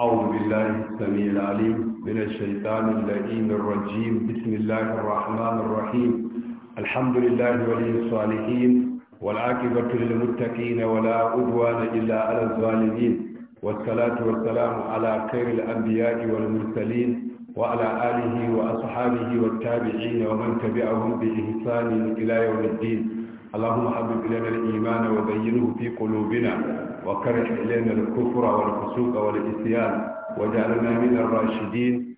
أعوذ بالله السميع العليم من الشيطان اللئيم الرجيم بسم الله الرحمن الرحيم الحمد لله ولي الصالحين والعاقبة للمتقين ولا عدوان إلا على الظالمين والصلاة والسلام على خير الأنبياء والمرسلين وعلى آله وأصحابه والتابعين ومن تبعهم بإحسان إلى يوم الدين اللهم حبب إلينا الإيمان وبينه في قلوبنا وكره إلينا الكفر والفسوق والإسيان وجعلنا من الراشدين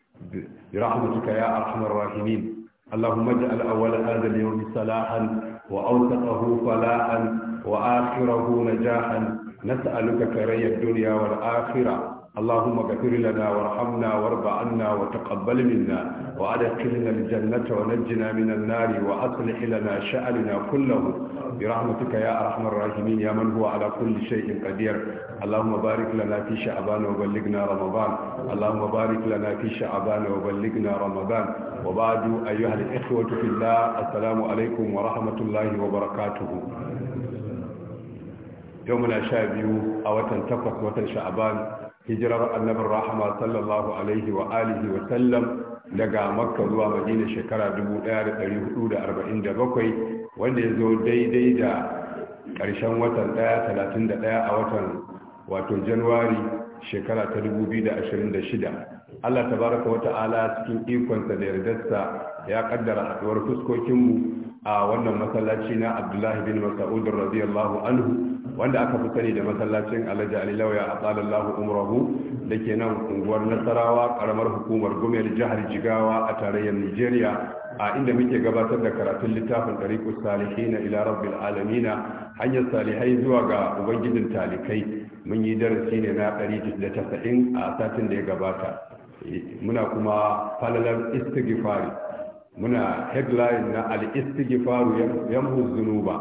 برحمتك يا أرحم الراحمين اللهم اجعل أول هذا اليوم صلاحا وأوسطه فلاحا وآخره نجاحا نسألك كري الدنيا والآخرة اللهم اغفر لنا وارحمنا وارض عنا وتقبل منا وادخلنا الجنة ونجنا من النار وأصلح لنا شأننا كله برحمتك يا أرحم الراحمين يا من هو على كل شيء قدير اللهم بارك لنا في شعبان وبلغنا رمضان اللهم بارك لنا في شعبان وبلغنا رمضان وبعد أيها الإخوة في الله السلام عليكم ورحمة الله وبركاته يومنا شابيو أو تنتقص وتنشعبان hijirar annabin rahama sallallahu alaihi wa alihi wa sallam daga makka zuwa madina shekara 1447 wanda ya zo daidai da ƙarshen watan 131 a watan wato januwari shekara ta 2026 allah tabaraka wata ala cikin ikonsa da yardarsa ya kaddara haɗuwar fuskokinmu a wannan masallaci na abdullahi bin mas'ud radiyallahu anhu wanda aka fi sani da masallacin alhaji ali ya a tsalar lahu umrahu da ke nan unguwar nasarawa karamar hukumar gomiyar jihar jigawa a tarayyar nigeria a inda muke gabatar da karatun littafin ɗariƙu salihina ila rabbil alamina hanyar salihai zuwa ga ubangijin talikai mun yi darasi ne na 190 a satin da ya gabata muna kuma falalar istigifari muna headline na al istigifaru yamhu dhunuba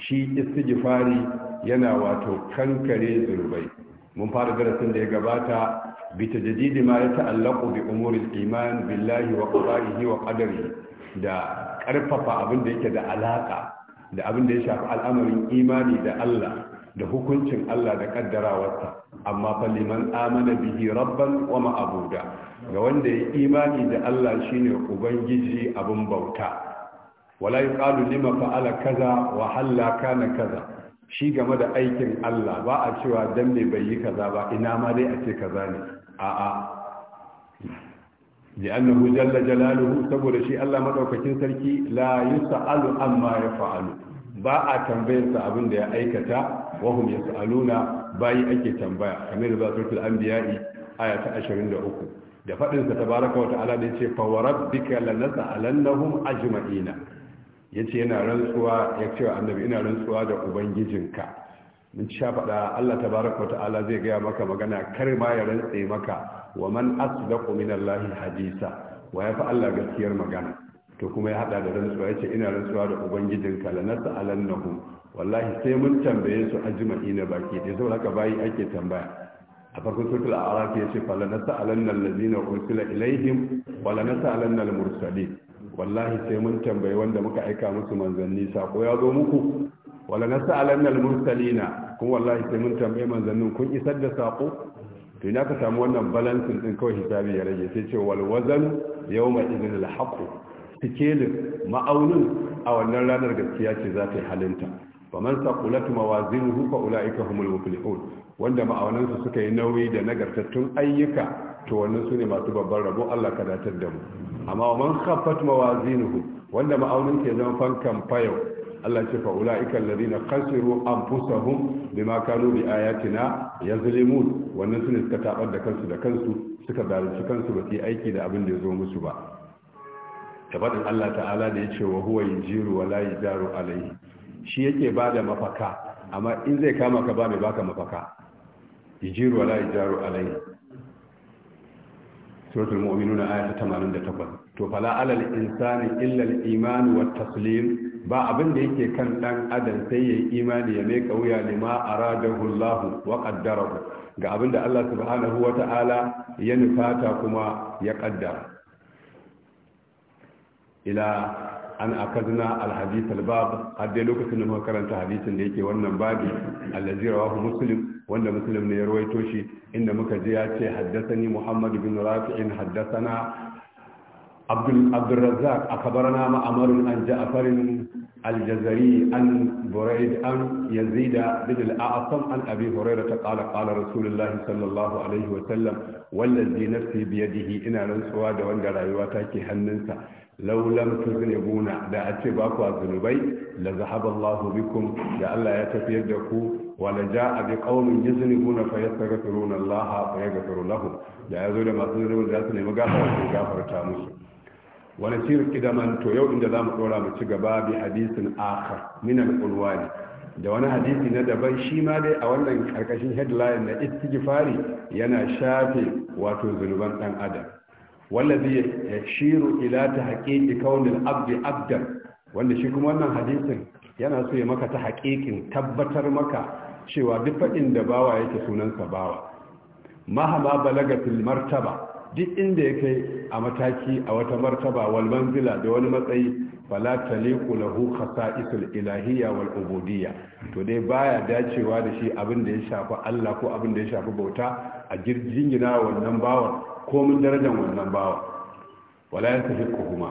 shi istighfari yana wato kankare zunubai mun fara darasin da ya gabata bi jadidi ma ya ta'allaku bi umuri al-iman billahi wa qada'ihi wa qadarihi da karfafa abin da yake da alaka da abin da ya shafi al'amarin imani da Allah da hukuncin Allah da kaddarawarsa amma fa liman amana bihi rabban wa ma'buda ga wanda ya imani da Allah shine ubangiji abin bauta wala yuqalu lima fa'ala kaza wa halla kana kaza shi game da aikin Allah ba a cewa dan ne bai yi kaza ba ina ma dai a ce kaza ne a'a li'annahu jalla jalaluhu saboda shi Allah madaukakin sarki la yus'alu amma yaf'alu ba a tambayar sa abin da ya aikata wa hum yas'aluna bayi ake tambaya kamar da suratul anbiya'i aya ta 23 da fadin sa tabaraka wa ta'ala da yace fa warabbika lanas'alannahum ajma'ina ya ce yana rantsuwa ya ce annabi ina rantsuwa da ubangijinka mun sha faɗa Allah tabaraka wa ta'ala zai gaya maka magana kar ma ya rantse maka wa man asdaqu min Allahi hadisa wa ya fa Allah gaskiyar magana to kuma ya haɗa da rantsuwa ya ce ina rantsuwa da ubangijinka la nas'alannahum wallahi sai mun tambaye su na baki dai saboda haka bayi ake tambaya a farkon suratul a'raf ya ce fa la nas'alanna allazina ursila ilaihim wa la nas'alanna al-mursalin wallahi sai mun tambayi wanda muka aika musu manzanni sako ya zo muku wala nas'alanna al-mursalina kun wallahi sai mun tambayi manzannin kun isar da sako to ina ka samu wannan balancing din kawai hisabi ya rage sai ce wal wazan yawma idhin al-haqq tikelin ma'aunin a wannan ranar gaskiya ce za ta yi halinta faman saqulat mawazinuhu fa ulaika humul muflihun wanda ma'aunansu suka yi nauyi da nagartattun ayyuka to wannan su ne masu babban rabo Allah ka datar da mu amma man khaffat mawazinuhu wanda ma'aunin ke zama fankan fayau Allah ce fa ulaika alladhina khasiru anfusahum bima kanu bi ayatina yazlimun wannan sune suka tabar da kansu da kansu suka zalunci kansu ba su aiki da abin da ya zo musu ba ta Allah ta'ala da yace wa huwa yajiru wa la yujaru alaihi shi yake bada mafaka amma in zai kama ka ba mai baka mafaka yajiru wa la yujaru alaihi suratul mu'minun aya ta 88 to fala alal insani illa al-iman wa taslim ba abin da yake kan ɗan adam sai ya imani ya mai kauya lima aradahu Allah wa qaddarahu ga abin da Allah subhanahu wa ta'ala ya nufata kuma ya ƙaddara. an akadna alhadith albab har dai lokacin da muka karanta hadisin da yake wannan babi allazi rawahu muslim wanda muslim ne ya rawaito shi inda muka je ya ce haddathani muhammad bin rafi'in haddathana abdul abdurrazzaq akhbarana ma'mar an ja'far الجزري عن بريد عن يزيد بن الأعصم عن أبي هريرة قال قال رسول الله صلى الله عليه وسلم والذي نفسي بيده إن رسوا دوان رايواتك هننسى zai tuzinibuna da a ce ba ku zunubai Da zahaba Allah bikum da Allah ya tafiyar da ku Wala la a bi qaumin yuzinibuna fa yastaghfiruna Allah fa yaghfiru lahum da zo da masu zunubi za su nemi gafara su gafarta musu wa nasir kidaman to yau inda zamu ɗora mu ci gaba bi hadisin akhar min al da wani hadisi na daban shi ma dai a wannan karkashin headline na istighfari yana shafe wato zunuban dan adam wallazi yashiru ila ta haqiqi kaunil abdi abdan wanda shi kuma wannan hadisin yana so ya maka ta haƙiƙin tabbatar maka cewa duk faɗin da bawa yake sunansa bawa mahama balagatil martaba duk inda ya kai a mataki a wata martaba wal manzila da wani matsayi fala taliqu lahu khasa'isul ilahiyya wal ubudiyya to dai baya dacewa da shi abin da ya shafi Allah ko abin da ya shafi bauta a jirgin wannan bawan komin darajar wannan bawa wala ya tafi kuma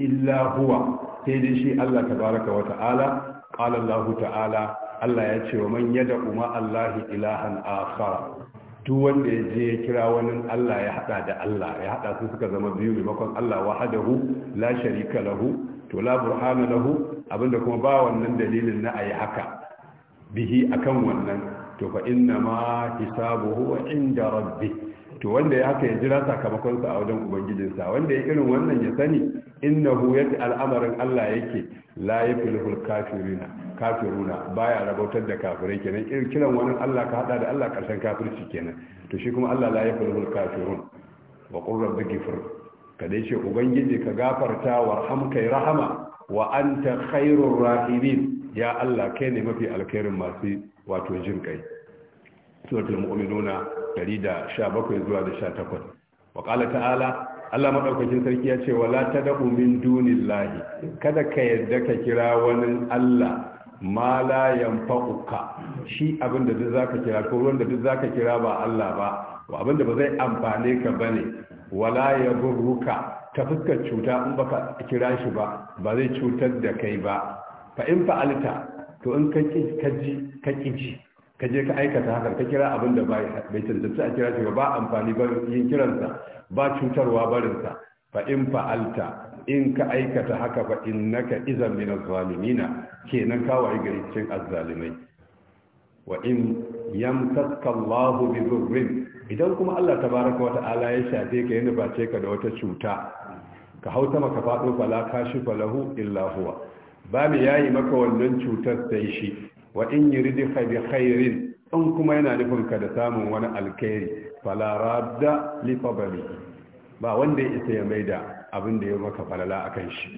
illa huwa sai dai shi Allah tabaraka wa ta'ala qala Allah ta'ala Allah ya ce wa man yad'u Allahi Allah ilahan akhar duk wanda ya je ya kira wani Allah ya hada da Allah ya hada su suka zama biyu maimakon Allah wahadahu la sharika lahu to la burhana lahu abinda kuma ba wannan dalilin na ayi haka bihi akan wannan to fa inna ma hisabuhu inda rabbih to wanda ya haka ya jira sakamakonsa a wajen ubangijinsa wanda ya irin wannan ya sani innahu yadda al'amarin Allah yake la yafilhul kafirina kafiruna baya rabautar da kafirai kenan irin kiran wani Allah ka hada da Allah karshen kafirci kenan to shi kuma Allah la yafilhul kafirun wa qur rabbi ka dai ce ubangiji ka gafarta wa kai rahama wa anta khairur rahimin ya Allah kai ne mafi alkhairin masu wato jin kai suratul mu'minuna 117 zuwa da 18 wa qala ta'ala Allah madaukakin sarki ya ce wala tad'u min dunillahi kada ka yarda ka kira wani Allah ma la yanfa'uka shi abinda duk zaka kira ko wanda duk zaka kira ba Allah ba wa abinda ba zai amfane ka bane wala yadurruka ta fuskar cuta in baka kira shi ba ba zai cutar da kai ba fa in fa'alta to in ka ki ka ka je ka aikata haka ka kira abin da bai cancanci a kira shi ba amfani ba yin kiransa ba cutarwa barinsa fa in fa'alta in ka aikata haka fa innaka izan min na zalimina kenan ka wayi gari cikin azzalimai wa in yamtaska Allahu bi dhurrin idan kuma Allah ta tabaraka wata ala ya shafe ka yana bace ka da wata cuta ka hauta maka fado fala kashi falahu illa huwa babu yayi maka wannan cutar sai shi wa in yuridu bi khairin in kuma yana nufin ka da samun wani alkhairi fala radda li fadli ba wanda ya isa ya maida abin da ya maka falala akan shi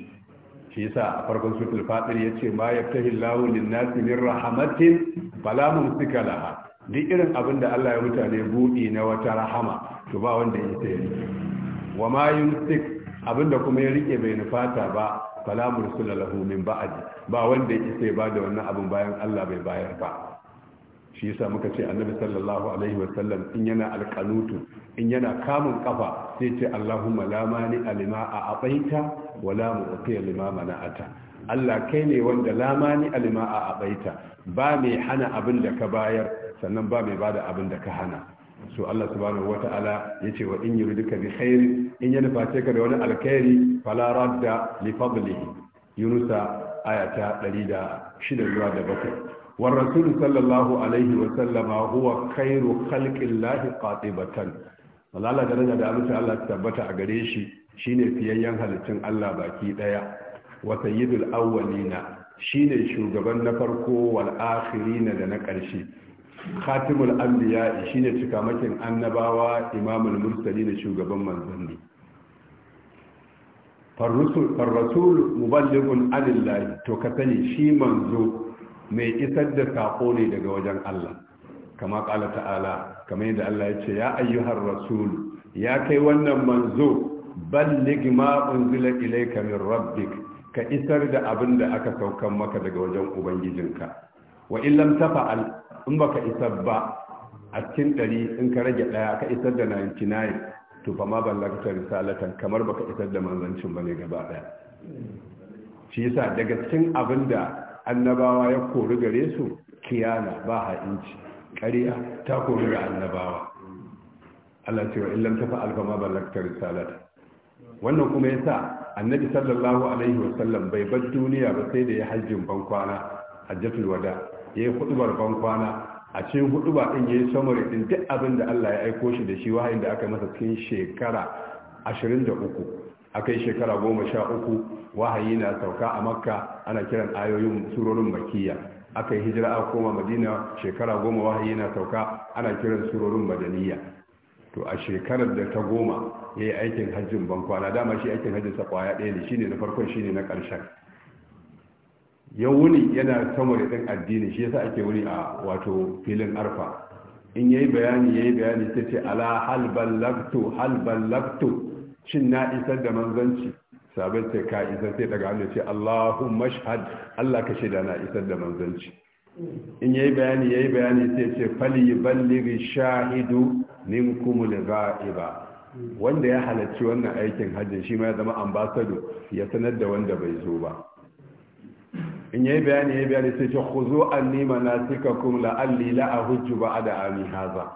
shi yasa a farkon suratul fatir yace ma yaftahi Allahu lin-nasi min rahmatin fala mumsika laha duk irin abin da Allah ya mutane buɗi na wata rahama to ba wanda ya isa ya wa ma yumsik da kuma ya rike bai nufata ba fala mursula lahu min ba wanda ya isa ba da wannan abin bayan Allah bai bayar ba shi yasa muka ce annabi sallallahu alaihi wasallam in yana alqanutu in yana kamun kafa sai ce Allahumma la mani alima a abaita wala mu'ti lima mana'ata Allah kai ne wanda lamani alima a abaita ba mai hana abin da ka bayar sannan ba mai bada abin da ka hana so Allah subhanahu wata'ala yace wa in ka bi khair in ya nuface ka da wani alkhairi fala radda li fadlihi yunusa ayata 106 zuwa da 7 wa rasul sallallahu alaihi wa sallama huwa khairu khalqillahi qatibatan Allah daraja da amince Allah tabbata a gare shi shine fiyayyen halittun Allah baki daya wa sayyidul awwalina shine shugaban na farko wal akhirina da na ƙarshe khatimul anbiya shine cikamakin annabawa imamul mursali da shugaban manzanni rasul muballighun alillahi to ka sani shi manzo mai isar da sako ne daga wajen Allah kama kala ta'ala kama yadda Allah ya ce ya ayyuhar rasul ya kai wannan manzo balligh ma unzila ilayka min rabbik ka isar da abin da aka saukan maka daga wajen ubangijinka wa in tafa'al in ba ka isar ba a cikin ɗari in ka rage ɗaya ka isar da 99 to fa ma ballagta risalatan kamar ba ka isar da manzancin ne gaba ɗaya shi yasa daga cikin abin da annabawa ya kori gare su kiyana ba inci ƙariya ta kori ga annabawa Allah ce wa illan tafa alfama ballakta risalata wannan kuma yasa annabi sallallahu alaihi wasallam bai bar duniya ba sai da ya hajjin ban kwana hajjatul wada ya yi hudubar bankwana a cikin huɗuba din ya yi samari din duk abin da Allah ya aiko shi da shi wahayin da aka masa cikin shekara 23 aka yi shekara 13 wahayi na sauka a makka ana kiran ayoyin surorin makiya aka hijira a koma madina shekara goma wahayi na sauka ana kiran surorin madaniya to a shekarar da ta goma ya yi aikin hajjin bankwana dama shi aikin hajjinsa kwaya ɗaya ne shine na farkon shine na ƙarshen ya wuni yana da ɗin addini shi yasa ake wuni a wato filin arfa in yayi bayani yayi bayani ta ce ala hal ballagtu hal ballagtu shin na isar da manzanci sabai ta ka isar sai daga hannu ce Allahumma shahad Allah ka shaida na isar da manzanci in yayi bayani yayi bayani sai ce fali ballighi shahidu minkum ghaiba wanda ya halarci wannan aikin hajji shi ma ya zama ambassador ya sanar da wanda bai zo ba in yayi bayani ya bayani sai ce khuzu anni manasikakum la'alli ba a da ami haza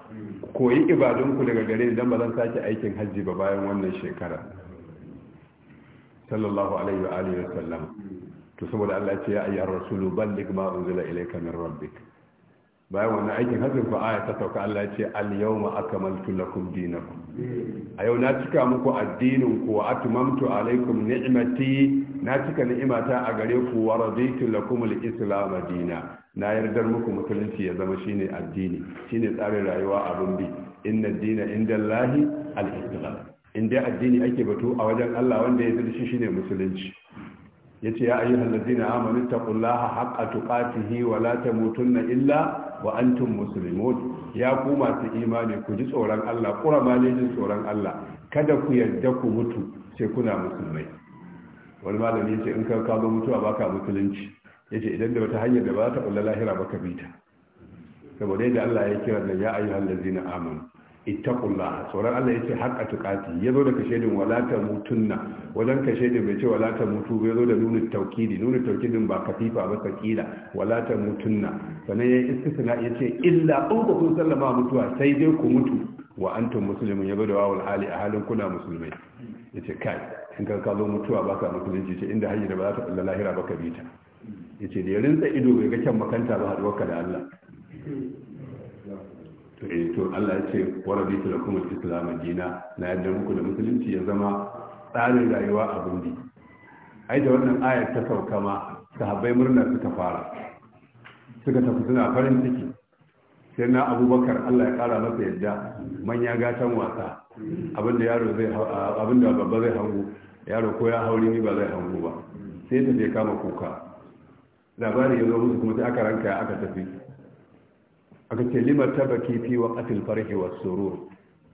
koyi ibadun ku daga gare idan dan ba zan sake aikin hajji ba bayan wannan shekara sallallahu alaihi wa alihi wa sallam to saboda Allah ya ce ya ayyuhar rasulu ballig ma unzila ilayka min rabbik bayan wannan aikin hajjin ku aya ta sauka Allah ya ce al-yawma akmaltu lakum dinakum a yau na cika muku addinin ku wa atmamtu alaikum ni'mati na cika ni'imata a gare ku wa raditu lakum al-islam dina na yardar muku musulunci ya zama shine addini shine tsarin rayuwa abin bi inna dina indallahi al-islam in addini ake batu a wajen Allah wanda ya zurshi shine musulunci yace ya ayyuhal ladina amanu taqullaha haqqa tuqatih wa la tamutunna illa wa antum muslimun ya ku masu imani ku ji tsoron Allah kura ma ne jin tsoron Allah kada ku yarda ku mutu sai kuna musulmai wani malami yace in ka kazo mutuwa baka musulunci yace idan da wata hanyar da ba ta kulla lahira baka bita saboda yadda Allah ya kira da ya ayyuhal ladina amanu ittaqullah sauran Allah yace haqqa tuqati yazo da kashedin wala mutunna. wajen kashedin bai ce wala tamutu bai zo da nunu tawkidi nunu tawkidin ba kafifa ba sakila wala tamutunna sanan yayi istisna yace illa in ku sallama mutuwa sai dai ku mutu wa antum muslimun yazo da wawul hali a halin kuna musulmai yace kai in ka kazo mutuwa baka musulunci ce inda hayya da ba za ta kalla lahira baka bita yace da ya rinsa ido bai ga kyan makanta ba ka da Allah Eh, to Allah ya ce wa rabitu lakum al-islam dina na yadda muku da musulunci ya zama tsarin rayuwa a gundi ai da wannan ayar ta sauka ma sahabbai murna suka fara suka tafi suna farin ciki sai na abubakar Allah ya kara masa yadda manya gatan wasa abinda yaro zai abinda babba zai hango yaro ko ya hauri ni ba zai hango ba sai ta je kama kuka labari ya zo musu kuma sai aka ranka aka tafi aka ce limar tabaki fi wa qatil farhi wa surur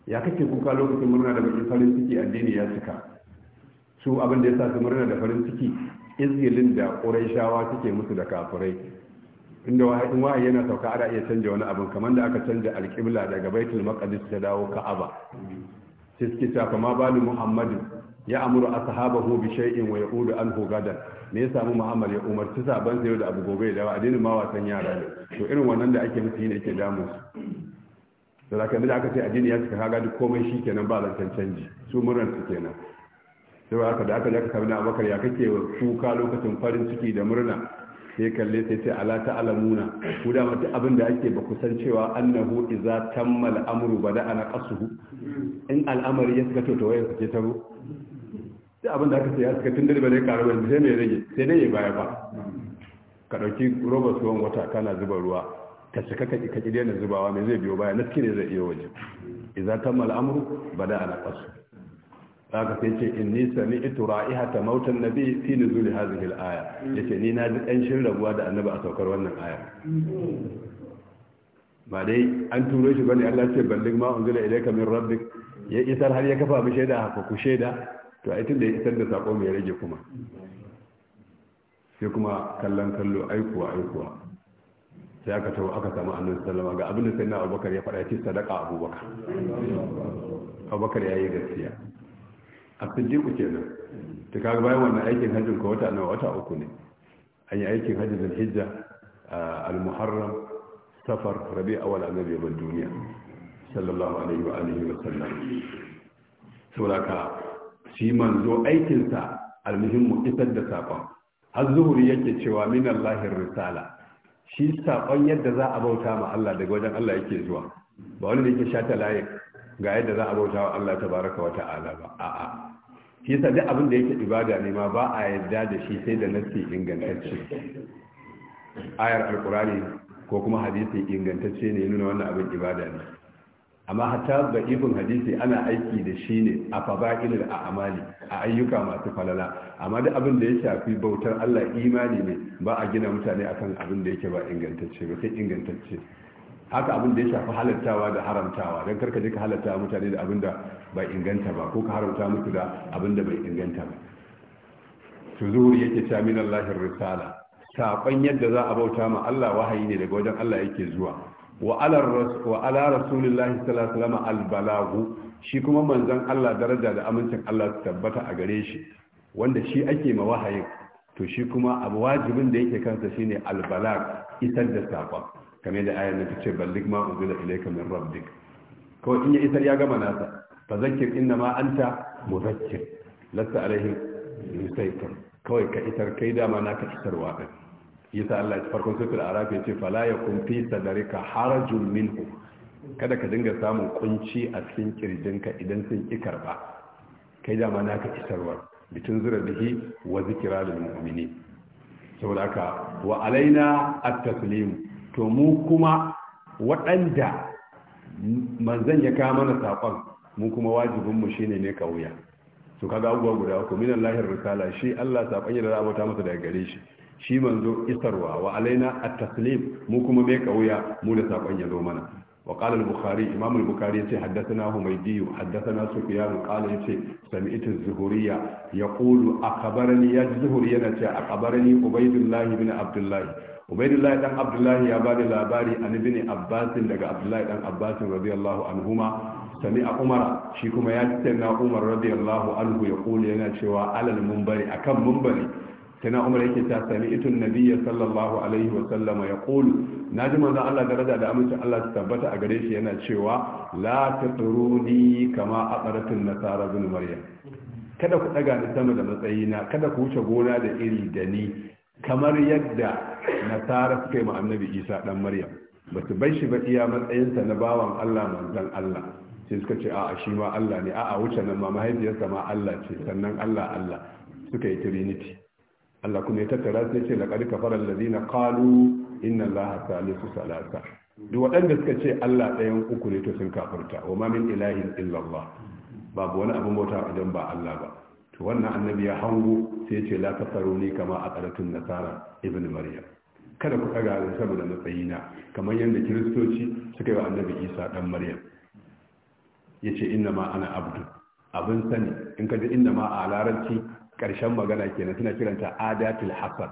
ya kake kuka lokacin murna da bakin farin ciki addini ya cika su abin da ya sa su murna da farin ciki izgilin da shawa suke musu da kafirai inda wahayin wahayi yana sauka ana iya canja wani abin kamar da aka canja alƙibla daga baitul maqdis ta dawo ka'aba sai suke cewa ma bani muhammadin ya amuru a ko bi shay'in wa yaqulu hu gadan me ya samu muhammad ya umarci saban sai da abu gobe da addinin ma wasan yara ne to irin wannan da ake musu ne yake damu su da zaka da aka ce addini ya cika kaga duk komai shikenan ba zan canji su murran su kenan sai haka da aka jaka sabina abakar ya kake kuka lokacin farin ciki da murna sai kalle sai ce ala ta alamuna ku da mutum abin da ake ba kusan cewa annahu iza tammal amru bada ana qasuhu in al'amari ya cika to to wayan suke taro sai abin da aka sai aka tun dare ba zai karu ba sai mai rage sai dai ya baya ba ka dauki roba tsohon wata kana zuba ruwa ka cika ka ka ki daina zubawa mai zai biyo baya na ne zai iya waje idza kammala amru bada ala qas ka sai ce inni sami'tu ra'ihata mautan nabi fi nuzul hadhihi al-aya yace ni na ji kanshin rabuwa da annabi a saukar wannan aya ba dai an turo shi bane Allah ce ballin ma unzila ilayka min rabbik ya isar har ya kafa mu shaida haka ku shaida to ai tun da ya isar da sako mai rage kuma sai kuma kallon kallo aikuwa aikuwa sai aka tawo aka samu annabi sallama ga abin da sai na abubakar ya faɗa ce sadaka abubakar abubakar ya yi gaskiya a ce kenan ta kaga bayan wannan aikin hajjin ko wata nawa wata uku ne an yi aikin hajjin hijja al-muharram safar rabi awal annabi ban duniya sallallahu alaihi wa alihi wa sallam saboda shi manzo aikinsa almuhimmu isar da saƙon har zuhuri yake cewa min Allahin risala shi saƙon yadda za a bauta ma Allah daga wajen Allah yake zuwa ba wani da yake shata layi ga yadda za a bauta wa Allah tabaraka wa ta'ala ba a'a shi yasa duk abin da yake ibada ne ma ba a yarda da shi sai da nassi ingantacce ayar alqurani ko kuma hadisi ingantacce ne nuna wannan abin ibada ne amma hatta da ibn hadisi ana aiki da shi ne a faba'ilil a amali a ayyuka masu falala amma da abin da ya shafi bautar Allah imani ne ba a gina mutane akan abin da yake ba ingantacce ba sai ingantacce haka abin da ya shafi halattawa da haramtawa don karka ji ka halatta mutane da abin da bai inganta ba ko ka haramta musu da abin da bai inganta ba to yake ta minallahi risala saƙon yadda za a bauta ma Allah wahayi ne daga wajen Allah yake zuwa wa ala rasulillahi sallallahu albalagu shi kuma manzon Allah daraja da amincin Allah su tabbata a gare shi wanda shi ake ma wahayin to shi kuma abu wajibin da yake kansa shine albalag isar da sakon kamar da ayar ta ce ballig ma unzila ilayka min rabbik kawai in ya isar ya gama nasa fa inna ma anta muzakkir lasta alaihim musaitir kawai ka isar kai dama naka isarwa din yasa Allah ya farkon suratul araf ya ce fala yakun fi sadrika harajun minhu kada ka dinga samun kunci a cikin kirjinka idan sun ki karba kai dama naka isarwa bitun zura bihi wa zikra lil mu'minin saboda haka wa alaina at-taslim to mu kuma waɗanda manzan ya kawo mana saƙon mu kuma wajibinmu shi ne ka wuya su kaga abubuwa guda uku minan lahir risala shi allah saƙon da za a mata masa daga gare shi shi manzo isarwa wa alaina at-taslim mu kuma me kauya mu da sakon ya zo mana wa qala al-bukhari imam al-bukhari yace haddathana humaydi haddathana sufyan qala yace sami'tu az-zuhuriyya yaqulu akhbarani ya zuhuri yana ce akhbarani ubaydullah ibn abdullah ubaydullah dan abdullah ya bada labari an ibn abbas daga abdullah dan abbas radiyallahu anhuma sami a umar shi kuma ya ce na umar radiyallahu anhu ya kula yana cewa alal mumbari akan mumbari kana umar yake ta sami itun nabiyya sallallahu alaihi wa sallama ya Na naji manzon Allah daraja da aminci Allah ta tabbata a gare shi yana cewa la tatruni kama aqratun nasara bin maryam kada ku daga ni sama da matsayina kada ku wuce gona da iri da ni kamar yadda nasara suka yi ma annabi isa dan maryam ba su bai shi ba iya matsayinsa na bawan allah manzon allah sai suka ce a'a shi ma allah ne a'a wuce nan ma mahaifiyarsa ma allah ce sannan allah allah suka yi trinity Allah kuma ya tattara sai ce laqad kafara alladhina qalu inna allaha salisu salasa duk waɗanda suka ce Allah ɗayan uku ne to sun kafirta wa ma min ilahin illa Allah babu wani abin bauta idan ba Allah ba to wannan annabi ya hango sai ya ce la kama a qaratun nasara ibn maryam kada ku daga ran saboda matsayina kamar yadda kiristoci suka yi wa annabi isa dan maryam yace inna ma ana abdu abin sani in ka ji inna ma a larabci ƙarshen magana kenan suna kiranta adatul hasan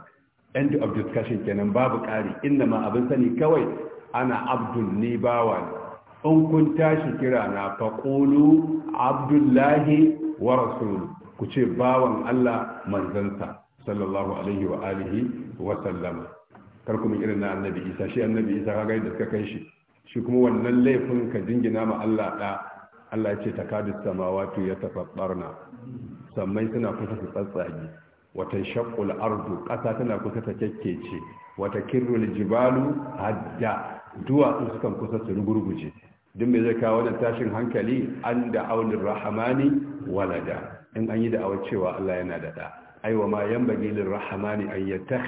end of discussion kenan babu ƙari inna ma abin sani kawai ana abdul ni bawa in kun tashi kira na faƙulu abdullahi wa ku ce bawan Allah manzansa sallallahu alaihi wa alihi wa sallama kar kuma irin na annabi isa shi annabi isa kaga da suka kai shi shi kuma wannan laifin ka jingina ma Allah da Allah ya ce takadus samawati yatafattarna sammai suna kusa su tsatsage wata shakul ardu ƙasa tana kusa ta kyakkece wata kirrul jibalu hadda duwatsu sukan kusa su rugurguje duk mai zai kawo wannan tashin hankali an da aunin rahamani walada in an yi da'awar cewa Allah yana da da aiwa ma yan bagilin rahamani an yi ta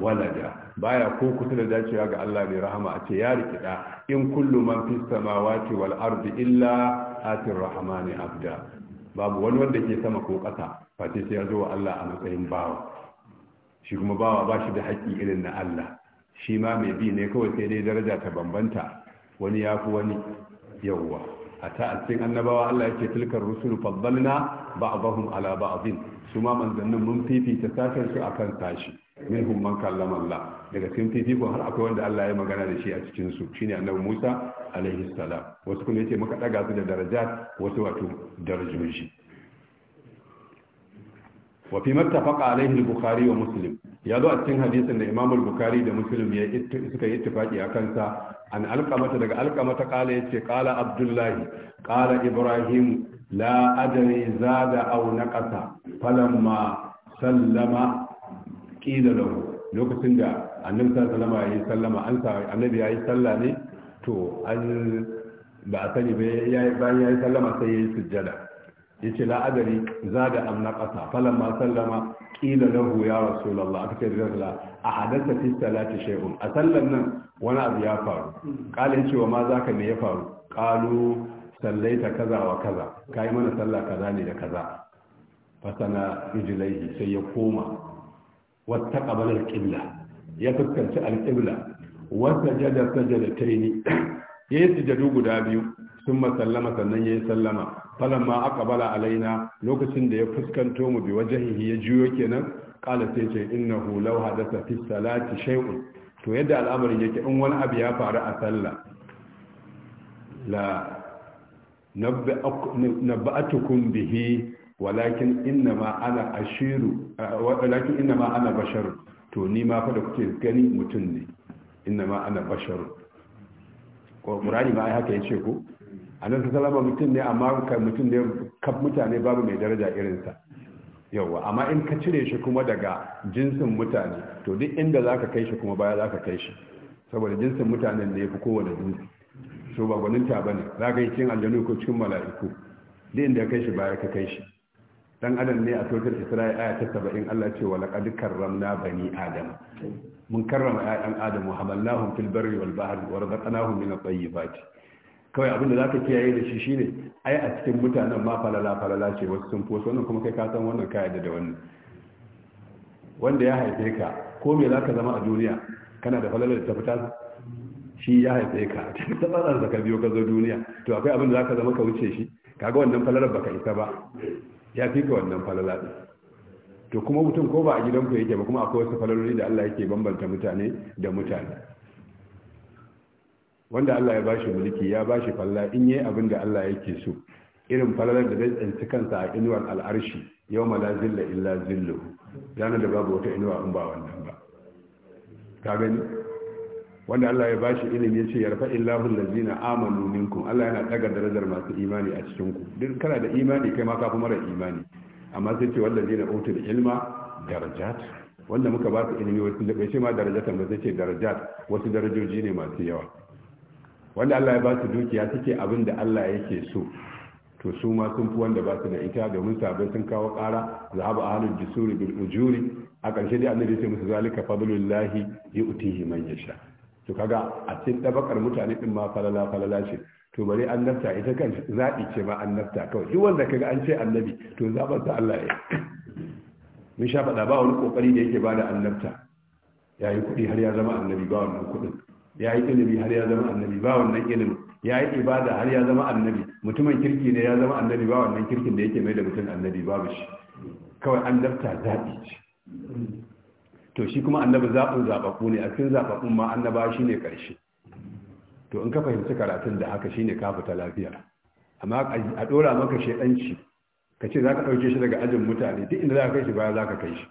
walada baya ko kusa da dacewa ga Allah mai rahama a ce ya rikida in kullu man fi samawati wal ardi illa atir rahamani abda babu wani wanda ke sama ko ƙasa face sai ya zo wa Allah a matsayin bawa shi kuma bawa ba shi da haƙƙi irin na Allah shi ma mai bi ne kawai sai dai daraja ta bambanta wani ya fi wani yawwa a cikin annabawa Allah yake tilkar rusul faddalna ba'dahum ala ba'dhin su ma manzannin mun fifita sashen su akan sashi minhum man kallama Allah daga cikin fifiko har akwai wanda Allah ya magana da shi a cikin su shine annabi Musa alaihi salam wasu kuma yace muka daga su da daraja wasu wato darajoji wa fi mattafaqa alaihi al-bukhari wa muslim ya zo a cikin hadisin da Imam al-Bukhari da Muslim ya suka yi ittifaki a kansa an alqamata daga alqamata qala yace qala Abdullah qala Ibrahim la adri zada aw naqasa falamma sallama qila lahu lokacin da annabi ya yi sallama an sa annabi yi sallah ne to an ba a sani ba yayi bayan yayi sallama sai yi sujjada ya la adari zada ƙasa naqasa ma sallama qila lahu ya rasulullah aka ce rasula a hadatha fi salati shay'un a sallan nan wani abu ya faru ya ce wa ma zaka me ya faru qalu sallaita kaza wa kaza yi mana sallah kaza ne da kaza fasana rijlaihi sai ya koma wata ƙabalar ƙilla ya fuskanci alƙibla wata jada sajada ta yi ya yi sujadu guda biyu sun masallama sannan ya yi sallama falon ma aka bala alaina lokacin da ya fuskanto mu bi wajahihi ya juyo kenan ƙala sai ce inna hulau hadasa fi salati shay'un to yadda al'amarin yake in wani abu ya faru a sallah la nabba'atukum bihi walakin innama ana ashiru walakin ana basharu to ni ma fa da kuke gani mutum ne ma ana basharu ko ma ai haka yace ko annabi salama mutum ne amma ka mutum ne kaf mutane babu mai daraja irin sa yawa amma in ka cire shi kuma daga jinsin mutane to duk inda zaka kai shi kuma baya zaka kai shi saboda jinsin mutanen ne yafi kowane jinsi so ba gwaninta bane zaka yi cikin aljanu ko cikin mala'iku duk inda kai shi baya ka kai shi dan adam ne a sautar isra'i aya ta saba'in allah ce wa laqad karramna bani adam mun karrama ƴaƴan adam wa hamallahum fil barri wal bahri wa razaqnahum min at-tayyibat kawai abinda za zaka kiyaye da shi shine ai a cikin mutanen ma falala falala ce wasu sun fosu wannan kuma kai ka san wannan ka yadda da wannan wanda ya haife ka ko me zaka zama a duniya kana da falalar da tafita shi ya haife ka ta tsatsar da ka biyo ka zo duniya to akwai abinda za zaka zama ka wuce shi kaga wannan falalar baka isa ba ya fi ga wannan falala ɗin to kuma mutum ko ba a gidan gidanku yake ba kuma akwai wasu falaloli da Allah yake bambanta mutane da mutane wanda Allah ya bashi mulki ya bashi falala in yi abin da Allah yake so irin falalar da zai tsanci kansa a inuwar al'arshi yau ma la zilla illa zillu ranar da babu wata inuwa in ba wannan ba ka gani wanda Allah ya bashi ilimi ya ce ya illahu allazina amanu minkum Allah yana daga darajar masu imani a cikin ku duk kana da imani kai ma ka fi mara imani amma sai ce wallazina utul ilma darajat wanda muka ba su ilimi wasu da bai ce ma darajatan ba sai ce darajat wasu darajoji ne masu yawa wanda Allah ya ba su dukiya suke abin da Allah yake so to su ma sun fi wanda ba su da ita domin sabai sun kawo kara zahaba ahlul jisuri bil ujuri a ƙarshe dai annabi ya ce musu zalika fadlullahi yu'tihi man yasha to kaga a cikin tabakar mutane din ma falala falala ce to bari annabta ita kan zaɓi ce ma annabta kawai shi wanda kaga an ce annabi to zaban ta Allah ya mun sha fada ba wani kokari da yake bada annabta ya yi kuɗi har ya zama annabi ba wannan kuɗin ya yi ilimi har ya zama annabi ba wannan ilimin ya yi ibada har ya zama annabi mutumin kirki ne ya zama annabi ba wannan kirkin da yake mai da mutum annabi babu shi kawai annabta zaɓi ce to shi kuma annabi zaɓin zaɓaɓu ne a cikin zaɓaɓɓun ma annaba shi ne ƙarshe to in ka fahimci karatun da haka shi ne kafa ta lafiya amma a ɗora maka shaɗanci ka ce za ka ɗauke shi daga ajin mutane duk inda za ka kai shi baya za ka kai shi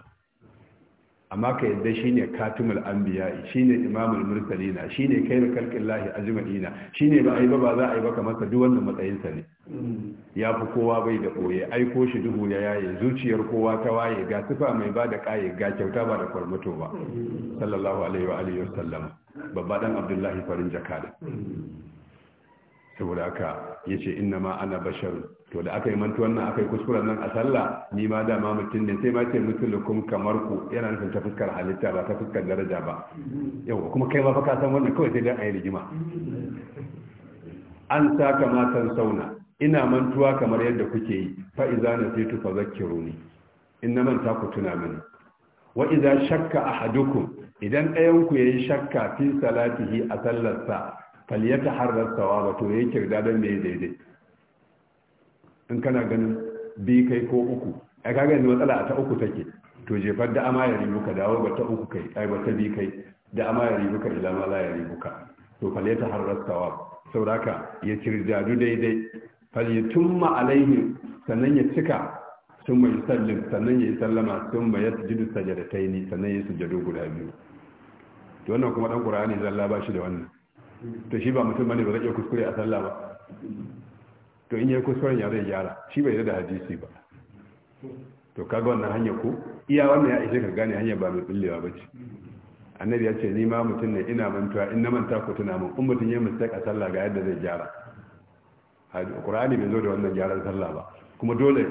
amma ka yadda shi shine katimul shi shine imamul mursalina shine da khalqillahi shi shine ba yi ba ba za a yi ba kamar ka duk wannan matsayin ne mm. ya fi kowa bai da ɓoye aiko shi duhu ya yaye zuciyar kowa ta waye ga sifa mai ba da kaye ga kyauta ba da kwarmato ba mm. sallallahu alaihi wa alihi babba dan abdullahi farin jakada mm. saboda haka Ya ce inna ma ana bashar to da aka yi mantuwan nan aka yi kuskuren nan a sallah ni ma ma mutum ne sai ma ce kamar ku yana nufin ta fuskar halitta ba ta fuskar daraja ba yau kuma kai ma fa ka san wannan kawai sai dan ayi rigima an saka matan sauna ina mantuwa kamar yadda kuke yi fa iza nasitu fa ni. in na manta ku tuna mini wa iza shakka ahadukum idan ɗayan ku yayi shakka fi salatihi a sallarsa faliyata harar ba to yayi kirda don me daidai in kana ganin bi kai ko uku a kaga yanzu matsala ta uku take to jefar da ama ya ribu ka dawo ba ta uku kai ai ba ta bi kai da ama ya ribu ka ila ma la ya ribu ka to faliyata harar sawaba sauraka ya kirda daidai falyatumma alaihi sannan ya cika sun mai sallin sannan ya yi sallama sun mai ya sujudu sajadatai ne sannan ya sujadu guda biyu to wannan kuma dan ne zalla ba shi da wannan to shi ba mutum bane ba zai iya kuskure a sallah ba to in yayi kuskuren ya zai gyara shi bai da hadisi ba to kaga wannan hanya ko iya wannan ya ishe ka gane hanya ba mai billewa ba ce annabi ya ce ni ma mutum ne ina mantuwa in na manta ku tuna mun ummatin mutum ya mistake a sallah ga yadda zai gyara qur'ani bai zo da wannan gyaran sallah ba kuma dole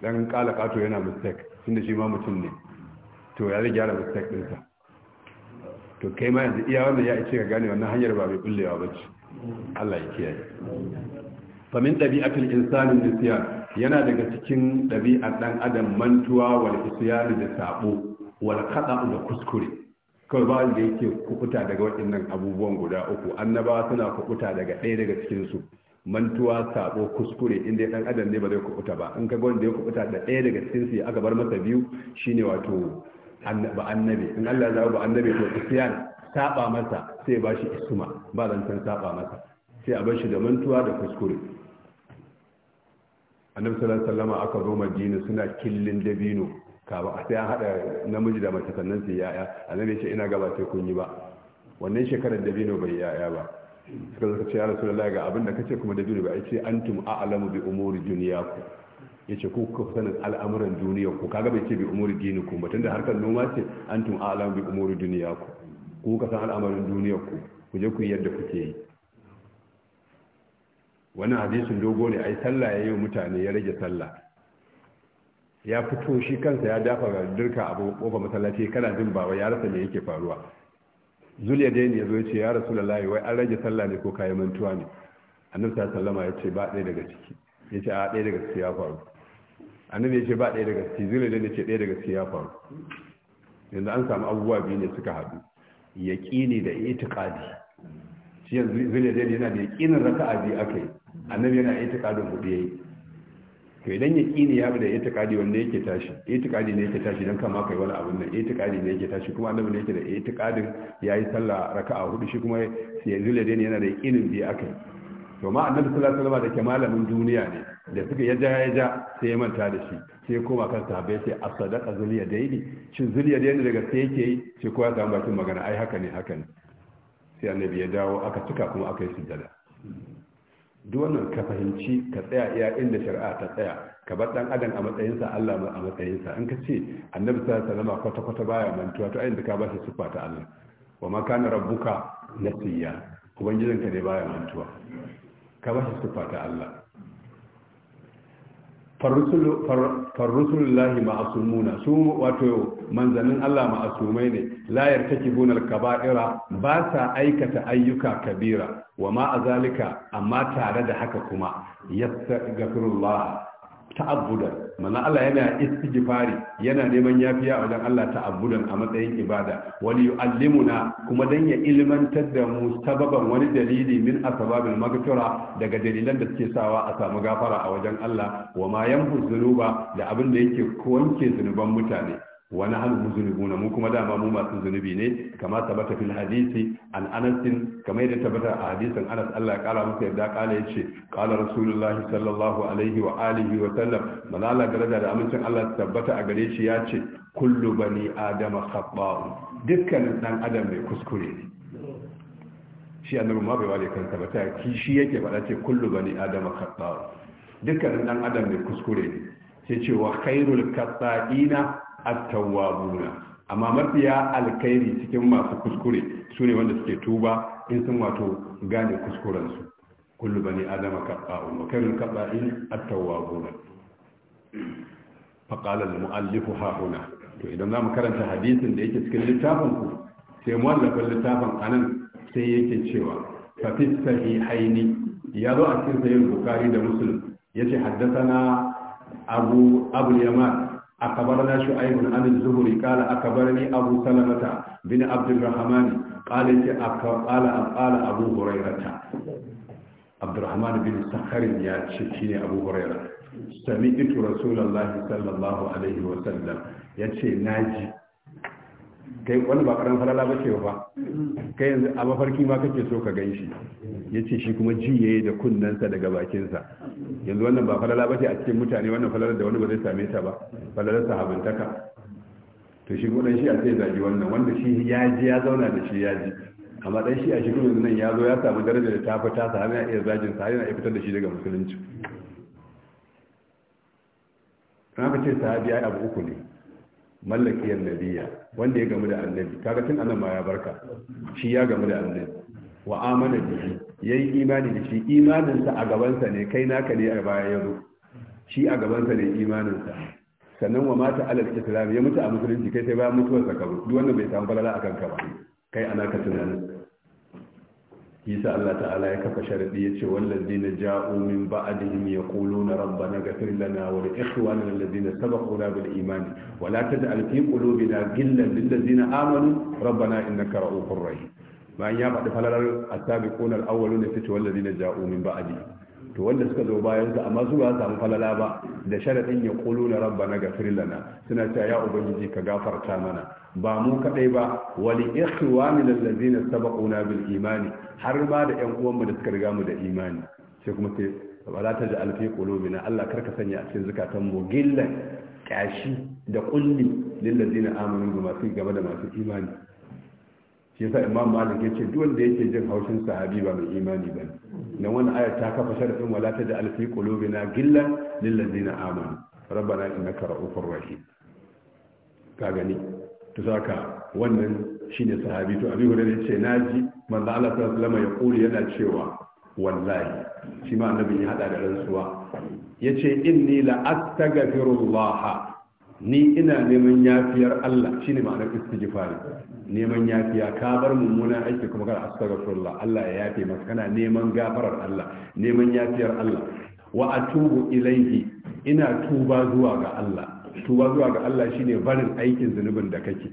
dan kala kato yana mistake tunda shi ma mutum ne to ya zai gyara mistake sa to kai ma yanzu iya wannan ya ce ka gane wannan hanyar ba mai bullewa ba ce Allah ya kiyaye famin tabi'atul insanin nisiya yana daga cikin dabi'ar ɗan adam mantuwa wal isyani da sabo wal khata da kuskure kawai ba wanda yake kukuta daga waɗannan abubuwan guda uku annaba suna kukuta daga ɗaya daga cikin su mantuwa sabo kuskure inda ɗan adam ne ba zai kukuta ba in ka ga wanda ya kukuta da ɗaya daga cikin su aka bar masa biyu shine wato ba annabi in Allah ya ba annabi to isyan saba masa sai ba shi isuma ba zancen saba masa sai a bar shi da mantuwa da kuskure annabi sallallahu alaihi wasallam aka zo madina suna killin dabino kaba a sai an hada namiji da mace sannan sai yaya annabi ya ce ina gaba sai kun yi ba wannan shekarar dabino bai yaya ba suka zaka ce ya rasulullahi ga abin kace kuma dabino bai ai ce antum a'lamu bi umuri dunyakum yace ku ku sanin al'amuran duniya ku kaga bai ce bi umuri ku? ba tunda harkar noma ce antum a'lam bi umuri duniya ku ka san al'amuran duniya ku ku je ku yadda kuke yi wannan hadisin dogo ne ai sallah yayi mutane ya rage sallah ya fito shi kansa ya dafa ga dirka abu kofa masallaci kana jin ba ya rasa ne yake faruwa zuliya dai ne yazo ya ce ya rasulullahi wai an rage sallah ne ko kayan mantuwa ne annabi sallallahu alaihi ya ce ba ɗaya daga ciki ya ce a ɗaya daga ciki ya faru annabi ya ce ba ɗaya daga ciki zulaidin da ce ɗaya daga ciki ya faru yanzu an samu abubuwa biyu ne suka haɗu yaƙini da itiƙadi shi yanzu da yana da yaƙinin raka'a biyu aka yi annabi yana itiƙadin hudu ya yi to idan yaqini ya bi da itiqadi wanda yake tashi itiqadi ne yake tashi dan kama kai wani abu ne itiqadi ne yake tashi kuma annabi ne yake da itiqadin yayi sallah raka'a hudu shi kuma sai zule dai yana da yaqinin bi akai to ma annabi sallallahu alaihi wasallam da ke malamin duniya ne da suka ya ja ya ja sai ya manta da shi sai koma kan sahabbai sai as-sadaqa zuliya daili shin zuliya daidi daga sai yake yi sai kowa ba bakin magana ai haka ne haka ne sai annabi ya dawo aka cika kuma aka yi sujada duk wannan ka fahimci ka tsaya iya inda shari'a ta tsaya ka bar dan adam a matsayinsa Allah a matsayinsa in ka ce annabi sallallahu alaihi wasallam kwata kwata baya mantuwa to ayin da ka ba shi sifa ta Allah wa ma kana rabbuka nasiya ubangijinka ne baya mantuwa ka ba shi siffa ta Allah farrusulullahi ma'asumuna su wato manzannin Allah ma'asumai ne layar yartakibuna al-kaba'ira ba sa aikata ayyuka kabira wa ma amma tare da haka kuma yastaghfirullah ta'abbudan Mana Allah yana istighfari yana neman yafiya a wajen Allah ta abudan a matsayin ibada wani yu'allimuna kuma dan ya ilmantar da mu sababan wani dalili min asbabil maghfira daga dalilan da suke sawa a samu gafara a wajen Allah wa ma yanfu zunuba da abin da yake wanke zunuban mutane wa nahnu muzunibuna mu kuma dama mu masu zunubi ne kama tabata fil hadisi an Anas kama yadda tabata a hadisin Anas Allah ya kara masa yadda kala yace kala Rasulullahi sallallahu alaihi wa alihi wa sallam malala garaja da amincin Allah tabbata a gare shi yace kullu bani adama khata'u dukkanin dan adam mai kuskure ne shi annabi ma bai ware kansa ba ta shi yake faɗa ce kullu bani adama khata'u dukkanin dan adam mai kuskure ne sai ce wa khairul khata'ina at-tawwabuna amma mafiya alkhairi cikin masu kuskure sune wanda suke tuba in sun wato gane kuskurensu. su kullu bani adama qatta'un wa khairul kaɓa'in at-tawwabuna faqala al-mu'allifu ha to idan za mu karanta hadisin da yake cikin littafin ku sai mu'allafin littafin anan sai yake cewa fa fi haini. ya zo a cikin sahih bukhari da musulun. muslim yace haddathana abu abu yaman أخبرنا شعيب عن الزهري قال أخبرني أبو سلمة بن عبد الرحمن قال قال قال أبو هريرة عبد الرحمن بن سخر يا شيخ أبو هريرة سمعت رسول الله صلى الله عليه وسلم يا شيخ ناجي kai wani ba karan falala ba ce ba kai yanzu a mafarki ma kake so ka gan shi ya ce shi kuma ji ya yi da kunnensa daga bakinsa yanzu wannan ba falala ba ce a cikin mutane wannan falala da wani ba zai same ta ba falalar sahabantaka to shi kuma shi a sai zagi wannan wanda shi ya ji ya zauna da shi ya ji amma dan shi a shi kuma nan ya zo ya samu daraja da tafi ta sa yana iya zagin sa yana iya fitar da shi daga musulunci na ka ce sahabi ya abu uku ne Mallakiyar nabiya wanda ya gamu da annabi kaga tun anan ma ya barka shi ya gamu da annabi wa amana bihi yayi imani da shi imanin sa a gaban sa ne kai naka ne a baya yazo shi a gaban sa ne imanin sa sannan wa mata alal islam ya mutu a musulunci kai sai bayan mutuwar sa ka duk wanda bai samu balala akan ka ba kai ana ka tunanin yasa Allah ta'ala ya kafa sharadi yace wallazina ja'u min ba'dihim yaquluna rabbana ighfir lana wa li ikhwanina alladhina sabaquna bil iman wa la taj'al fi qulubina ghillan lil ladzina amanu rabbana innaka ra'ufur rahim bayan ya faɗi falalar asabiquna al-awwaluna fitu wallazina ja'u min ba'dihim to wanda suka zo bayan su amma su ba samu falala ba da sharadin ya qulu na rabbana ghafir lana suna cewa ya ubangiji ka gafarta mana ba mu kadai ba wali ikhwani allazina sabaquna bil imani har ma da ƴan uwanmu da suka riga mu da imani sai kuma sai ji taj'al fi qulubina Allah ka sanya a cikin zakatan mu gillan kashi da kulli lillazina amanu da masu gaba da masu imani shi yasa imam malik yace duk wanda yake jin haushin sahabi ba mai imani bane nan wannan ayat ta kafa sharadin wala taj'al fi qulubina gillan lil ladina amanu rabbana innaka ra'ufur rahim ka gani to saka wannan shine sahabi to abi hurairah yace naji manzo Allah sallallahu alaihi wasallam ya yana cewa wallahi shi ma annabi ya hada da rantsuwa yace inni la astaghfirullah ni ina neman yafiyar Allah shine ma'anar istighfari neman yafiya ka bar mummunan aiki kuma kana astaghfirullah Allah ya yafe maka kana neman gafarar Allah neman yafiyar Allah wa atubu ilaihi ina tuba zuwa ga Allah tuba zuwa ga Allah shine barin aikin zunubin da kake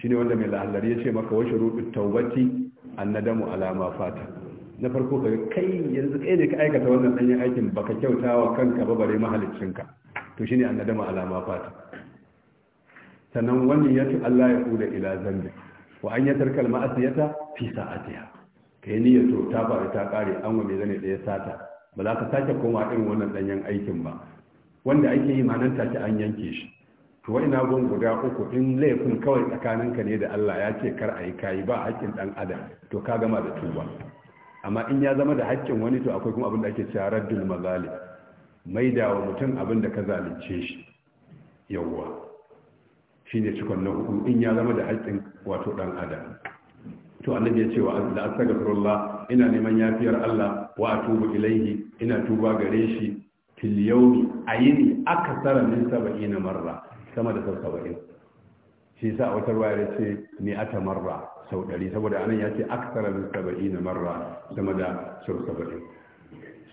shine wanda mai lahallari ya ce maka wa shurutut tawbati annadamu ala ma fata na farko kai yanzu kai ne ka aikata wannan danyen aikin baka kyautawa kanka ba bare ka to shine annadamu ala ma fata sannan wannan yace Allah ya kula ila zambi wa an yatar kalma asiyata fi sa'atiha kai niyyar to ta faru ta kare an wa me zane daya sata ba za ka sake koma irin wannan danyen aikin ba wanda ake yi ma nan take an yanke shi to wai na gon guda uku in laifin kawai tsakanin ka ne da Allah ya ce kar ayi yi kayi ba haƙƙin ɗan adam to ka gama da tuba amma in ya zama da haƙƙin wani to akwai kuma abin da ake cewa raddul mazali maida wa mutum abin da ka zalunce shi yawwa shine cikon na hudu in ya zama da haƙƙin wato dan adam to annabi ya ce wa da astaghfirullah ina neman yafiyar Allah wa atubu ilaihi ina tuba gare shi fil yawmi ayini akthara min na marra sama da 70 shi yasa wata ruwaya ya ce ni ata marra sau ɗari saboda anan ya ce akthara min na marra sama da sau 70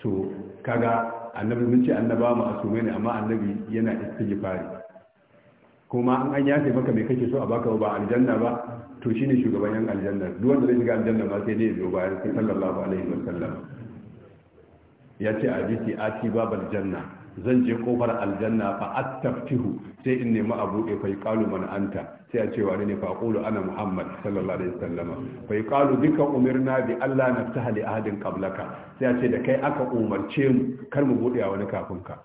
so kaga annabi mun ce annaba a asume ne amma annabi yana istighfari kuma an an yafe maka mai kake so a baka ba aljanna ba to shine shugaban yan aljanna duk wanda zai shiga aljanna ba sai dai ya zo bayan sai sallallahu alaihi wa sallam ya ce a ati babal janna zan je kofar aljanna fa attaftihu sai in nemi a buɗe fa yaqulu man anta sai a ce wani ne fa aqulu ana muhammad sallallahu alaihi wasallam fa yaqulu bika umirna bi alla naftahi li ahadin qablaka sai a ce da kai aka umarce mu kar mu buɗe wani kafin ka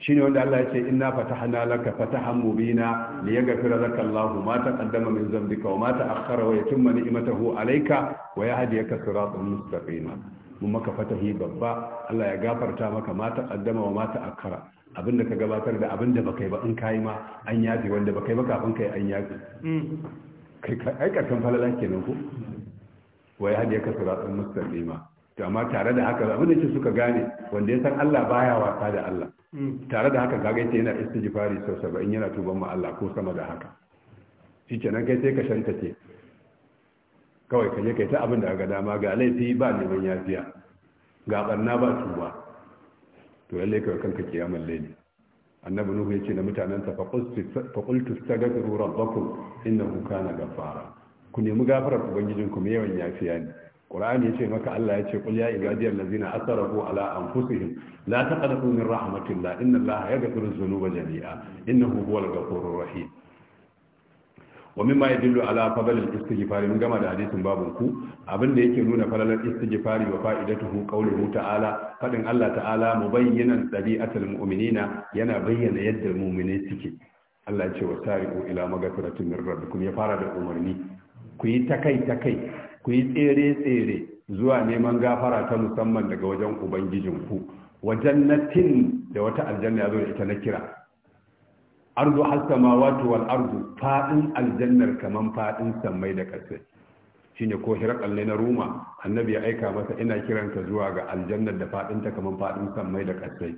shine wanda Allah ya ce inna fatahna laka fatahan mubina liyaghfira laka Allahu ma taqaddama min dhanbika wa ma ta'akhkhara wa yatimma ni'matahu alayka wa yahdiyaka siratan mustaqima mun maka fatahi babba Allah ya gafarta maka ma taqaddama wa ma ta'akhkhara abinda ka gabatar da abinda baka yi ba in kai ma an yafi wanda baka yi ba kafin hmm. kai an yafi kai ai karshen falala kenan ko wa yahdiyaka siratan mustaqima to amma tare da haka abin da suka gane wanda ya san Allah baya wasa da Allah hmm. tare da haka gaga yana istighfari sau saba'in yana tuban ma Allah ko sama da haka shikenan kai sai ka shanta ce kawai ka kai ta abin da ga dama ga laifi ba neman yafiya ga barna ba tuba to lalle kai kanka kiyamar laili annabi nuhu yace na mutanen sa fa qultu astaghfiru rabbakum innahu kana ghaffara ku nemi gafarar ubangijinku mai yawan yafiya ne qur'ani yace maka Allah yace qul ya ibadiyal ladzina asrafu ala anfusihim la taqnatu min rahmatillah inna allaha yaghfiru dhunuba jami'a innahu huwal ghafurur rahim wa mimma yadullu ala fadl al-istighfar mun gama da hadisin babun ku abin da yake nuna al istighfar wa fa'idatuhu qawluhu ta'ala fadin Allah ta'ala mubayyinan tabi'atul mu'minina yana bayyana yadda mu'minai suke Allah ya ce wa ila maghfiratin rabbikum ya fara da umarni ku yi takai takai ku yi tsere-tsere zuwa neman gafara ta musamman daga wajen ubangijinku wajen na tin da wata aljanna ya zo da ita na kira arzu hasama wato wal arzu fadin aljannar kaman fadin sammai da ƙasai shine ko kalle na ruma annabi ya aika masa ina kiranka zuwa ga aljannar da fadin ta kaman fadin sammai da ƙasai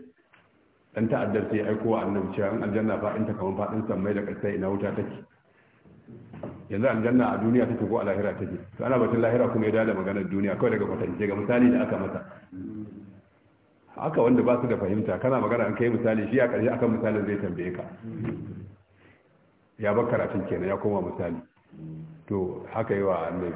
dan ta'addar sai ya aiko wa annabi cewa aljanna fadin ta kaman fadin sammai da ƙasai ina wuta take yanzu aljanna a duniya take ko a lahira take to ana batun lahira kuma ya dada maganar duniya kawai daga kwatance ga misali da aka mata haka wanda ba su da fahimta kana magana an kai misali shi a ƙarshe akan misalin zai tambaye ka ya bar karatun kenan ya koma misali to haka yi wa annabi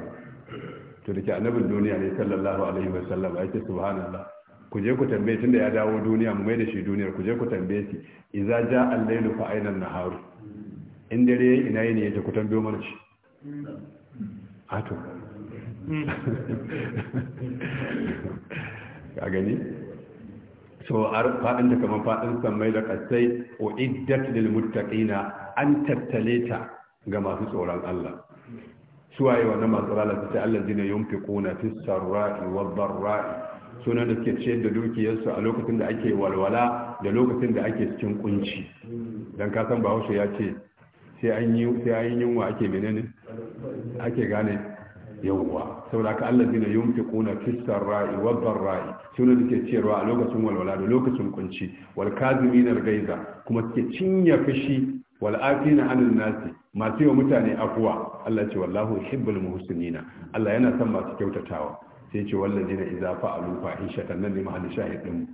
to da ke annabin duniya ne sallallahu alaihi wasallam ya ce subhanallah ku je ku tambaye tunda ya dawo duniya mu mai da shi duniyar ku je ku tambaye shi idza ja al-lailu fa aina an-naharu in dare yayi ina yi ne yake kutan tambayo mana shi a to ka gani so ar fadin da kamar fadin sammai da kasai iddat lil muttaqina an tattaleta ga masu tsoron Allah waye wannan masu lalata sai Allah jina kuna fi sarra'i wa barra'i sunan da suke ciyar da dukiyarsu a lokacin da ake walwala da lokacin da ake cikin kunci don kasan bahaushe ya ce sai an yi yunwa ake menene ake gane yawwa saboda ka Allah zina yunfi kuna fistar ra'i wabban ra'i suna suke ciyarwa a lokacin walwala da lokacin kunci wal kaziminar gaiza kuma suke cinye fushi wal na anil nasi masu yi mutane afuwa Allah ce wallahu hibbul muhsinina Allah yana son masu kyautatawa sai ce wallazina idza fa'alu fahishatan nan ne mahallin shahidin mu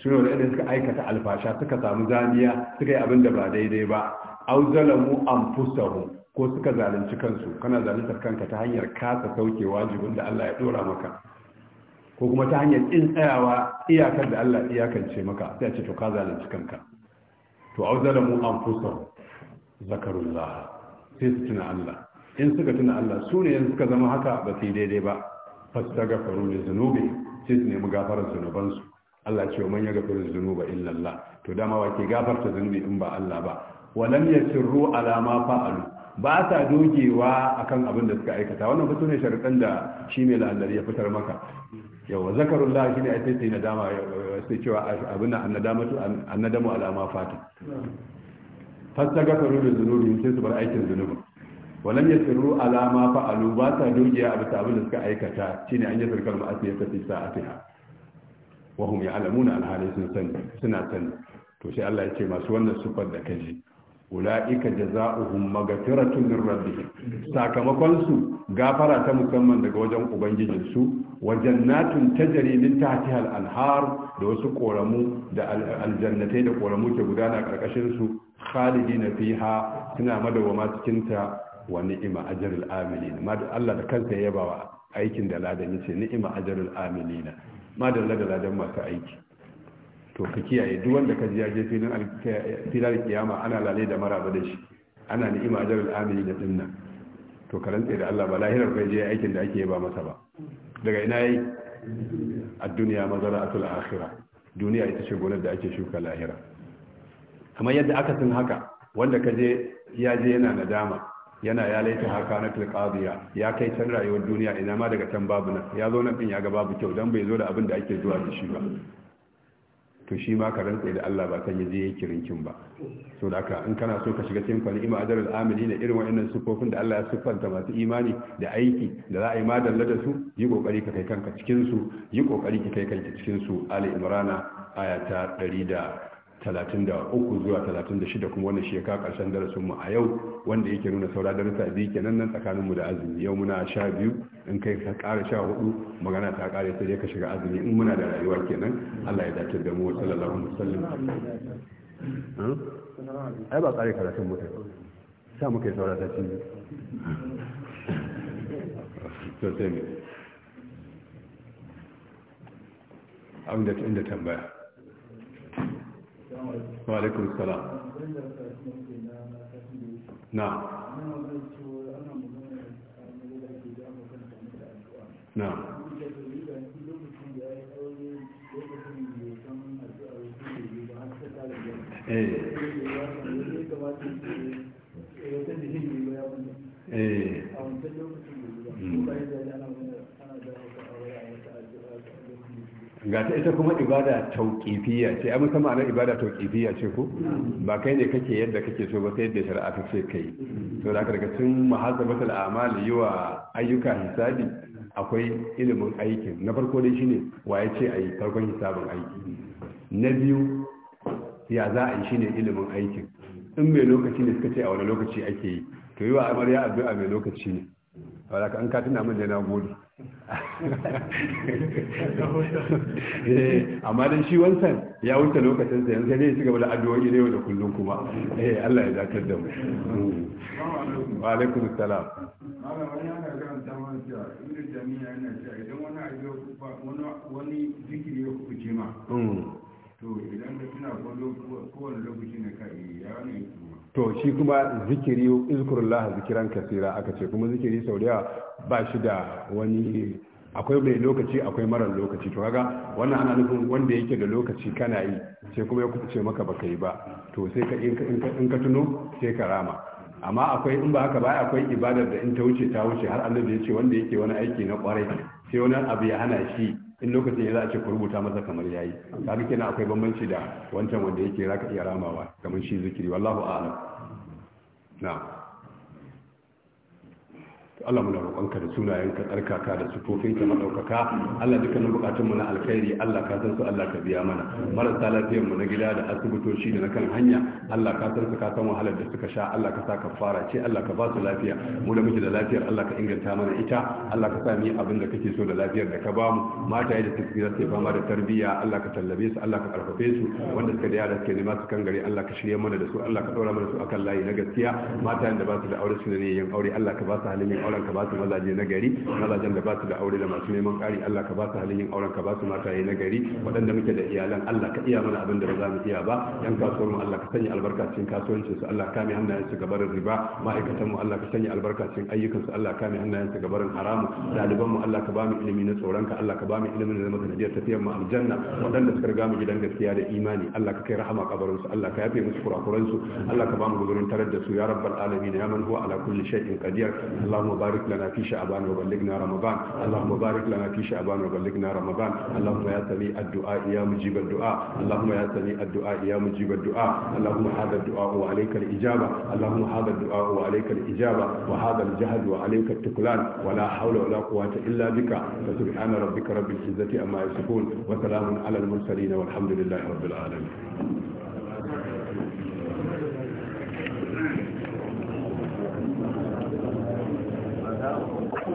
su ne waɗanda suka aikata alfasha suka samu zaniya suka yi abin da ba daidai ba au zalamu anfusahum ko suka zalunci kansu kana zaluntar kanka ta hanyar kasa sauke wajibin da Allah ya dora maka ko kuma ta hanyar in tsayawa iyakar da Allah iyakance maka sai ce to ka zalunci kanka to au zalamu anfusahum zakarullah sai su tuna Allah in suka tuna Allah su ne suka zama haka ba su daidai ba fastaghfiru ne dhunubi sai su nemi gafarar zunubansu Allah ce man yaghfiru zunuba illa Allah to dama wa ke gafarta zunubi in ba Allah ba walam yasirru ala ma fa'alu ba sa dogewa akan abin da suka aikata wannan fito ne sharuɗan da shi ne la'allari ya fitar maka yawa zakarullah shine ai na dama. sai cewa abin nan annadamatu annadamu ala ma fata fastagafaru da zunubi sai su bar aikin zunubin walam yasirru ala ma fa'alu ba sa dogewa abin da suka aikata shine an zargar ma'asiyata fi sa'atiha wa hum ya'lamuna alhali sun sani suna sani to Allah ya ce masu wannan sufar da kaji ula'ika jaza'uhum magfiratun min rabbihim sakamakon su gafara ta musamman daga wajen ubangijin su wa jannatun tajri min tahtiha al-anhar da wasu koramu da aljannatai da koramu ke gudana karkashin su khalidina fiha suna madawama cikin ta wa ni'ima ajrul amilin ma Allah da kansa ya wa aikin da ladan yace ni'ima ajrul amilina madalla da ladan masu aiki to ka kiyaye duk wanda ka ji ya je filin kiyama ana lalai da maraba da shi ana ni'ima ajar al'amili da dinnan to ka da Allah ba lahirar kai je aikin da ake ba masa ba daga ina yi a duniya mazara atul akhirah duniya ita ce gonar da ake shuka lahira kamar yadda aka sun haka wanda ka je ya je yana nadama yana ya laita haka na tilqadiya ya kai can rayuwar duniya ina ma daga can babu nan ya zo nan din ya ga babu kyau dan bai zo da abin da ake zuwa da shi ba to shi ma ka rantsa da Allah ba kan yaje yake rinkin ba so da haka in kana so ka shiga cikin kwani ima adarul amili da irin wa'annan sufofin da Allah ya siffanta masu imani da aiki da za a yi madalla da su yi kokari ka kai kanka cikin su yi kokari ki kai kanki cikin su ali imrana aya ta 133 zuwa 36 kuma wannan shi ya ka karshen darasin mu a yau wanda yake nuna saura darussa biyu kenan nan tsakaninmu da azumi yau muna sha biyu in kai ka ƙara sha hudu magana ta ƙare sai dai ka shiga azumi in muna da rayuwa kenan Allah ya dace da mu sallallahu alaihi wasallam ai ba ƙare karatun mutum sa muka yi saura ta cibi sosai ne da ta inda tambaya wa alaikum salam na na eh, eh. ga ta ita kuma ibada tauƙifiyya ce a musamman ana ibada tauƙifiyya ce ko hmm. ba kai ne kake yadda kake so ba sai yadda shari'a ta ce kai hmm. to da daga cikin muhasabatul a'mal yiwa ayyuka hisabi akwai ilimin aikin na farko dai wa ya ce ayi farkon hisabin aiki hmm. na biyu ya za a yi shine ilimin aikin in mai lokaci ne suka ce a wani lokaci ake yi to yi wa amarya addu'a mai lokaci ne saboda an ka tuna min da na Eh, amma dan shi wancan ya wuce lokacin sa yanzu ne shiga da addu'o'i ne da kullun kuma eh Allah ya zakar da mu mm. wa alaikum salam malam wani ana karanta mana cewa inda jami'a yana cewa idan wani abu wani wani zikiri ya kuce ma mm. to idan kina tuna ko wani lokaci ne kai ya ne to shi kuma zikiri izkurullah zikiran kasira aka ce kuma zikiri sau da ba shi da wani akwai mai lokaci akwai marar lokaci to kaga wannan ana nufin wanda yake da lokaci kana yi sai kuma ya kuce maka baka yi ba to sai ka in ka tuno sai ka rama amma akwai in ba haka ba akwai ibadar da in ta wuce ta wuce har annabi ya ce wanda yake wani aiki na kwarai sai wani abu ya hana shi in lokacin ya za a ce ku rubuta masa kamar yayi kaga kenan akwai bambanci da wancan wanda yake zaka iya ramawa kamar shi zikiri wallahu a'lam na'am Allah muna roƙonka da sunayenka tsarkaka da sufofinka madaukaka Allah dukkanin bukatun mu na alkhairi Allah ka san su Allah ka biya mana marasa lafiyar mu na gida da asibitoci da na kan hanya Allah ka san su ka san wahalar da suka sha Allah ka sa ka fara ce Allah ka ba su lafiya mu da muke da lafiyar Allah ka inganta mana ita Allah ka sa mu abin da kake so da lafiyar da ka ba mu mata da suke da suke fama da tarbiyya Allah ka tallabe su Allah ka karfafe su wanda suka da yara suke nema su kan gari Allah ka shirye mana da su Allah ka ɗora mana su akan layi na gaskiya mata da ba su da aure su ne yin aure Allah ka ba su halin yin aure Allah ka ba su mazaje na gari mazajen da ba su da aure da masu neman ƙari Allah ka ba su halin yin auren ka ba su mataye na gari waɗanda muke da iyalan Allah ka iya mana abin da ba za mu iya ba yan kasuwar mu Allah ka sanya albarka cikin kasuwancin su Allah kame hannayen su gabarin riba ma'aikatan mu Allah ka sanya albarka cikin ayyukan su Allah kame hannayen su gabarin haramu ɗaliban mu Allah ka ba mu ilimi na tsoron ka Allah ka ba mu ilimin na zama sanadiyar tafiyar mu aljanna waɗanda suka riga mu gidan gaskiya da imani Allah ka kai rahama kabarin su Allah ka yafe musu kurakuran su Allah ka ba mu gudurin tarar da su ya rabbal alamin ya man huwa ala kulli shay'in qadir barik lana fi sha'ban wa ballighna ramadan allahumma barik lana fi sha'ban wa ballighna ramadan allahumma ya sami addu'a ya mujib addu'a allahumma ya sami addu'a ya mujib addu'a allahumma hadha addu'a wa alayka ijaba allahumma hadha addu'a wa alayka ijaba wa hadha wa alayka at-tuklan wa la hawla illa bika subhana rabbika rabbil izzati amma yasifun wa salamun ala walhamdulillahi rabbil alamin Thank you. know.